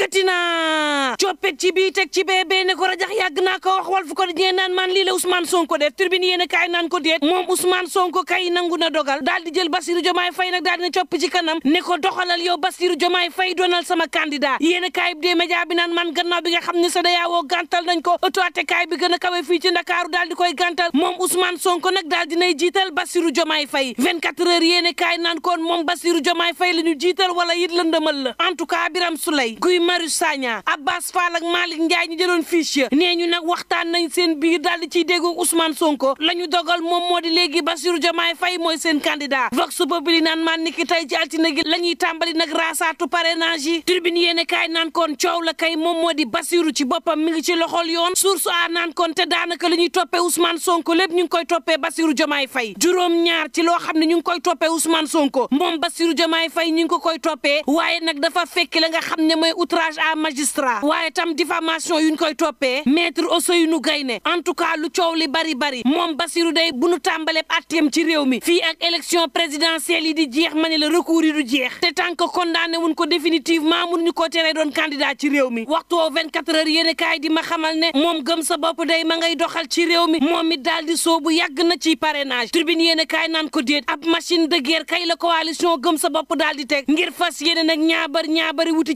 yëkkati naa coppet ci bii teg ci bee bee ne ko rajax yàgg naa ko wax wal fu ko ñee naan maan lii la Ousmane Sonko def turbine yéen a kaay ko déet moom Ousmane Sonko kay nangu na dogal daal di jël Bassirou Diomaye Faye nag daal di na copp ci kanam ne ko doxalal yow Bassirou Diomaye Faye doonal sama candidat yéen a kaay bi dee média bi naan man gannaaw bi nga xam ne sa dayaawoo gàntal nañ ko ëttuwaatekaay bi gën a kawe fii ci Ndakaaru daal di koy gàntal moom Ousmane Sonko nag daal nay jiital Bassirou Diomaye Faye 24 heures yéen a kaay naan koon moom Bassirou Diomaye Faye la ñu jiital wala it lëndëmal la en tout cas Biram Marius Sagna Abbas Fall ak Malick Ndiaye ñu jëloon fiche nee ñu nag waxtaan nañ seen biir daal di ciy déggoo Ousmane Sonko la ñu dogal moom moo di léegi Bassirou Diomaye Faye mooy seen candidat Vox Populi naan maan ni ki tey ci altine gi la ñuy tàmbali nag raasaatu parrainage yi Tribune yéene kaay naan kon coow la kay moom moo di Bassirou ci boppam mi ngi ci loxol yoon Source A naan kon te daanaka li ñuy toppee Ousmane Sonko lépp ñu ngi koy toppee Bassirou Diomaye fay juróom ñaar ci loo xam ne ñu ngi koy toppee Ousmane Sonko moom Bassirou Diomaye Faye ñu ngi ko koy outrage à magistrat waaye tam diffamation yuñ koy toppee maître Ousseynou Gayne en tout cas lu coow li bari bari moom Bassirou day bu nu tàmbalee atteem ci réew mi fii ak élection présidentielle yi di jeex ma ne la recours yi du jeex te tant que condamné wuñ ko définitivement mënuñu ko teree doon candidat ci réew mi waxtu woo 24 heures yéen kaay di ma xamal ne moom gëm sa bopp day ma ngay doxal ci réew mi moom it daal di soobu yàgg na ci parrainage tribune yéen kaay naan ko déet ab machine de guerre kay la coalition gëm sa bopp daal di teg ngir fas yéene nag ñaabar ñaabari wuti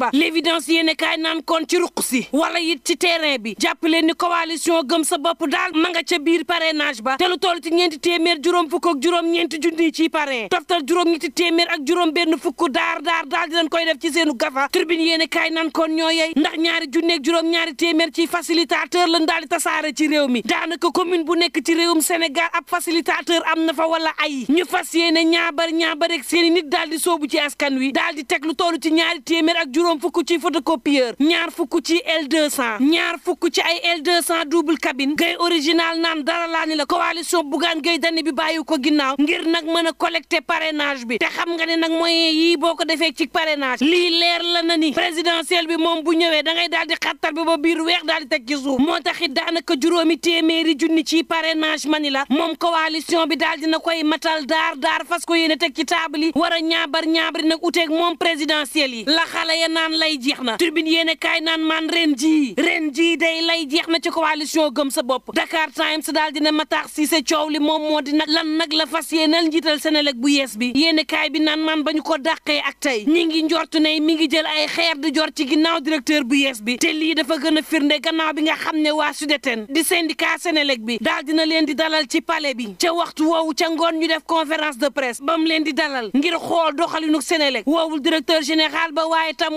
ba l'évidence yéene kaay naan kon ci ruq si wala it ci terrain bi jàpp leen ni coalition gëm sa bopp daal ma nga ca biir parrainage ba te lu toll ci ñeenti téeméer juróom fukk ak juróom-ñeenti junni ci parrain toftal juróom-ñeenti téeméer ak juróom benn fukk daar daar daal di leen koy def ci seenu gafa turbine yéene kaay naan kon ñoo yey ndax ñaari junni ak juróom-ñaari téeméer ci facilitateur lañ daal di tasaare ci réew mi daanaka commune bu nekk ci réewum Sénégal ab facilitateur am na fa wala ay ñu fas yéene ñaabar nit daal di soobu ci askan daal di teg lu toll ci ñaari téeméer juróom fukk ci photocopieur ñaar fukk ci L200 ñaar fukk ci ay L200 double cabine gay original naan dara laa ni la coalition Bougane Gueye Dany bi bàyyi ko ginnaaw ngir nag mën a collecter parrainage bi te xam nga ne nag moyen yi boo ko defee ci parrainage lii leer la na ni bi moom bu ñëwee da ngay daal di xattar bi ba biir weex daal di teg suuf moo tax it daanaka juróomi téeméeri junni ci parrainage mani la moom coalition bi daal dina koy matal daar daar fas ko yéene teg ci table yi war a ñaabar ñaabari nag uteeg moom présidentielle yi la naan lay jeex na tribune yéene kaay naan maan ren jii ren jii day lay jeex na ci coalition gëm sa bopp Dakar Times daal dina si Cissé coow li moom moo di nag lan nag la fas yéenal njiital Senelec bu yees bi yéene kaay bi naan maan ba ñu ko dàqee ak tey ñi ngi njortu ne mi ngi jël ay xeer di jor ci ginnaaw directeur bu yees bi te lii dafa gën a firnde gannaaw bi nga xam ne waa Sudeten di syndicat Senelec bi daal na leen di dalal ci pale bi ca waxtu woowu ca ngoon ñu def conférence de presse bam leen di dalal ngir xool doxalinu Senelec woowul directeur général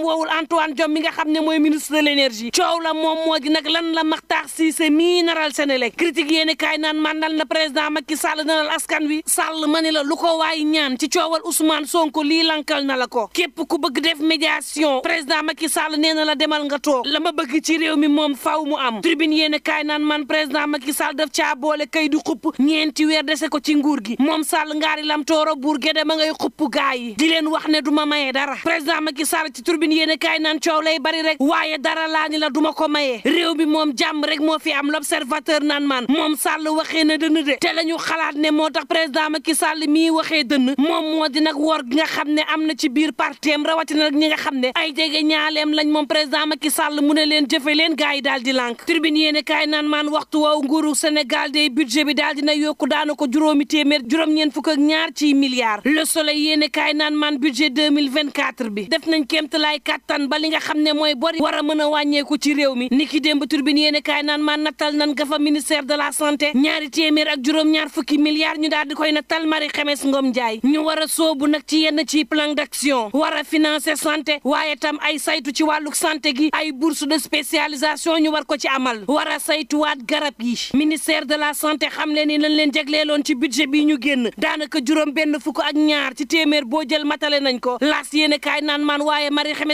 woowul Antoine Diome mi nga xam ne mooy ministre de l'énergie coow la moom moo di nag lan la Makhtar Cissé mii naral Senelec critique yéeni kaay naan mandal na président Macky Sall naral askan wi Sall ma ne la lu ko waay ñaan ci coowal Ousmane Sonko lii lankal na la ko képp ku bëgg def médiation président Macky sal nee la demal nga toog la ma bëgg ci réew mi moom faw mu am tribune yéeni kaay naan man président Macky Sall daf caa boole kay du xupp ñeenti weer dese ko ci nguur gi moom Sall ngaari lam tooro buur gede ma ngay xupp gaa yi di leen wax ne du ma maye dara président Macky Sall ci tribune yéen a kaay naan coow lay bari rek waaye dara laa la duma ko maye réew mi moom jàmm rek moo fi am l'observateur naan maan moom Sall waxee ne dënn de te la ñu xalaat ne moo tax président Macky sàll mii waxee dënn moom moo di nag wor gi nga xam ne am na ci biir parteem rawatina ñi nga xam ne ay jege ñaaleem lañ moom président makki sàll mu ne leen jëfe leen gars yi daal di lànk tribune yéen a kaay naan maan waxtu waaw nguuru Sénégal day budget bi daal na yokku daana ko juróomi téeméer juróom-ñeent fukk ak ñaar ci milliards le soleil yéen naan maan budget 2024 bi def nañ kéemtalaay kattan ba li nga xam ne mooy bori war a mën a wàññeeku ci réew mi ni ki démb turbine yéen kaay naan maa nattal nan nga fa ministère de la santé ñaari téeméer ak juróom-ñaar fukki milliards ñu daal di koy nattal Marie Khemesse Ngom Ndiaye ñu war a soobu nag ci yenn ci plan d'action war a financer santé waaye tam ay saytu ci wàllu santé gi ay bourse de spécialisation ñu war ko ci amal war a saytuwaat garab yi ministère de la santé xam leen ni lañ leen jagleeloon ci budget bi ñu génn daanaka juróom benn fukk ak ñaar ci téeméer boo jël matale nañ ko laas yéen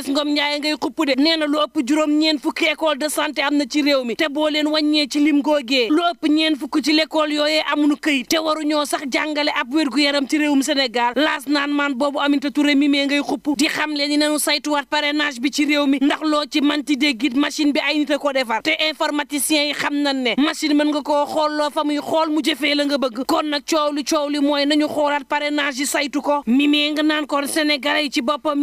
Gomes Ngom Ndiaye ngay xupp de nee na lu ëpp juróom ñeen fukki école de santé am na ci réew mi te boo leen wàññee ci lim googee lu ëpp ñeen fukk ci l'école yooyee amuñu këyit te waruñoo sax jàngale ab wér-gu-yaram ci réewum Sénégal laas naan maan boobu Aminata Touré mi mee ngay xupp di xam leen ni nañu saytuwaat parrainage bi ci réew mi ndax loo ci manti déggit machine bi ay nit a ko defar te informaticiens yi xam nañ ne machine mën nga koo xool loo fa muy xool mu jëfee la nga bëgg kon nag coow li coow li mooy nañu xoolaat parrainage yi saytu ko mi mee nga naan kon Sénégalais yi ci boppam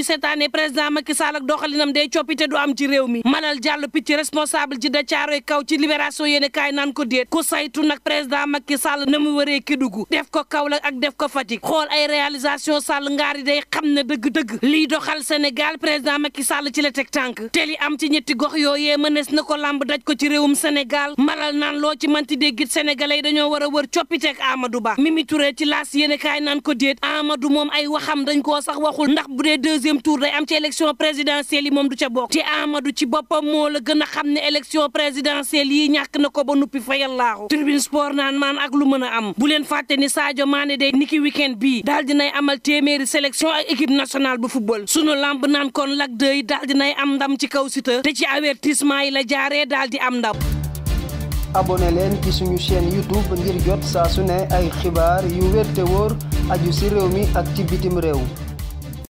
ñu seetaanee président Macky Sall ak doxalinam day coppite du am ci réew mi Malal Diallo picc responsable ji da caaroy kaw ci libération yéene kaay nan ko déet ku saytu nag président Macky Sall na mu waree Kédougou def ko Kaolack ak def ko Fatick xool ay réalisation Sall ngaar yi xam ne dëgg-dëgg liy doxal Sénégal président Macky Sall ci la teg tànk te li am ci ñetti gox yooyee mënees na ko làmb daj ko ci réewum Sénégal Malal naan loo ci manti déggit Sénégalais yi dañoo war a wër coppiteeg Amadou Ba Mimi Touré ci laas yéene kaay naan ko déet Amadou moom ay waxam dañ ko sax waxul ndax bu dee deuxième tour day am ci élection présidentielle yi moom du ca bokk ci Amadou ci boppam moo la gën a xam ne élection présidentielle yi ñàkk na ko ba nuppi fa yàllaahu tribune sport naan maan ak lu mën a am bu leen fàtte ni Sadio Mané day niki weekend bii daal dinay amal téeméeri sélection ak équipe nationale bu football sunu lamb naan kon lak dëy daal dinay am ndam ci kaw Siteu te ci avertissement yi la jaaree daal di am ndam abonné leen ci suñu chaîne YouTube ngir jot xibaar yu wér te wóor aju ci mi ak ci bitim réew